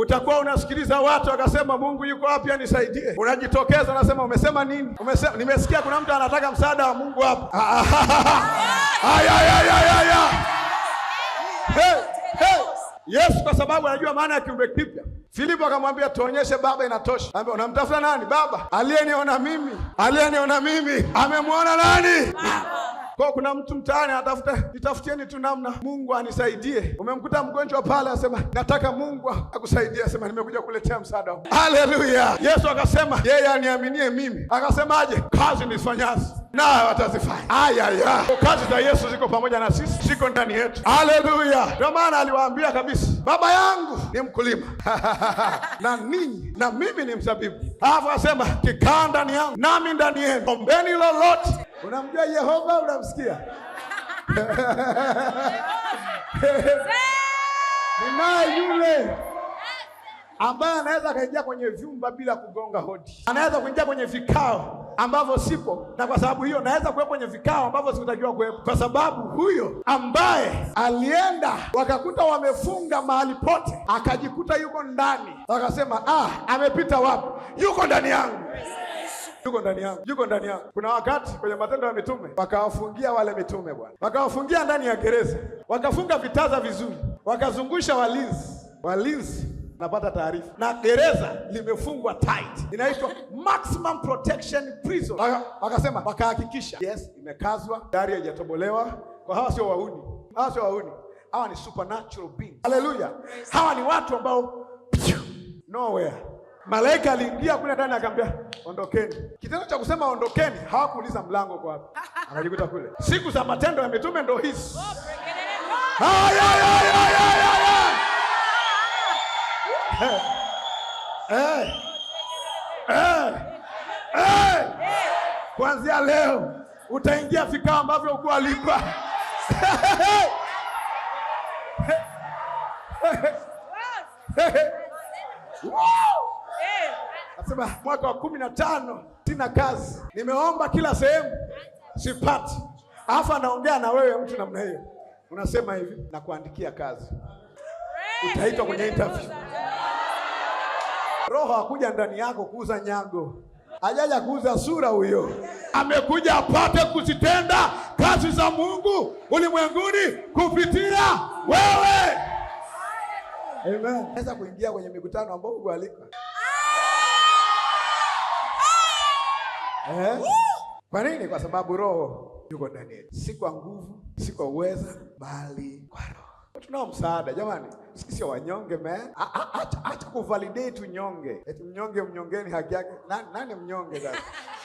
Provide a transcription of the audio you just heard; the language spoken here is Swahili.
Utakuwa unasikiliza watu akasema, Mungu yuko wapi anisaidie? Unajitokeza unasema, umesema nini? Umesema, nimesikia kuna mtu anataka msaada wa Mungu hapa. Yesu kwa sababu anajua maana ya kiumbe kipya. Filipo akamwambia tuonyeshe Baba, inatosha. Anambia unamtafuta nani? Baba aliyeniona mimi, aliyeniona mimi amemwona nani? Baba. Kwa kuna mtu mtaani anatafuta, nitafutieni tu namna Mungu anisaidie. Umemkuta mgonjwa pale, asema nataka Mungu akusaidie, asema nimekuja kuletea msaada. Haleluya! Yesu akasema yeye aniaminie mimi, akasemaje? Kazi nifanyazi na watazifanya. Aya ya kazi za Yesu ziko pamoja na sisi, ziko ndani yetu. Haleluya! Ndio maana aliwaambia kabisa, baba yangu ni mkulima na ninyi na mimi ni mzabibu, alafu asema kikaa ndani yangu nami ndani yenu, ombeni lolote. Unamjua Yehova, unamsikia ninaye yule ambaye anaweza akaingia kwenye vyumba bila kugonga hodi, anaweza kuingia kwenye vikao ambavyo sipo, na kwa sababu hiyo naweza kuwepo kwenye vikao ambavyo sikutakiwa kuwepo, kwa sababu huyo ambaye alienda wakakuta wamefunga mahali pote, akajikuta yuko ndani, wakasema ah, amepita wapi? Yuko ndani yangu yuko ndani yangu, yuko ndani yangu. Kuna wakati kwenye Matendo ya Mitume wakawafungia wale mitume bwana, wakawafungia ndani ya gereza, wakafunga vitaza vizuri, wakazungusha walinzi, walinzi napata taarifa na gereza limefungwa tight, inaitwa maximum protection prison. Wakasema waka wakahakikisha, yes, imekazwa, dari haijatobolewa. Kwa hawa sio wauni, hawa sio wauni, hawa ni supernatural beings. Haleluya, hawa ni watu ambao nowhere malaika aliingia kule ndani akamwambia ondokeni. Kitendo cha kusema ondokeni, hawakuuliza mlango kwa wapi, akajikuta kule. Siku za matendo ya mitume ndio hizi. Oh, hey. hey. hey. Kuanzia leo utaingia vikao ambavyo ukualikwa. Nasema mwaka wa kumi na tano tina kazi, nimeomba kila sehemu sipati, alafu anaongea na wewe mtu namna hiyo, unasema hivi, nakuandikia kazi, utaitwa kwenye interview. Roho hakuja ndani yako kuuza nyago, hajaja kuuza sura. Huyo amekuja apate kuzitenda kazi za Mungu ulimwenguni kupitia wewe. Amen. Naweza kuingia kwenye mikutano ambayo Mungu alika eh? Kwa nini? Kwa sababu Roho yuko ndani yetu, si kwa nguvu, si kwa uweza, bali kwa Roho tunao msaada jamani, sisi sio wanyonge me. Acha kuvalidate unyonge, eti mnyonge mnyongeni haki yake. Nani, nani mnyonge sasa?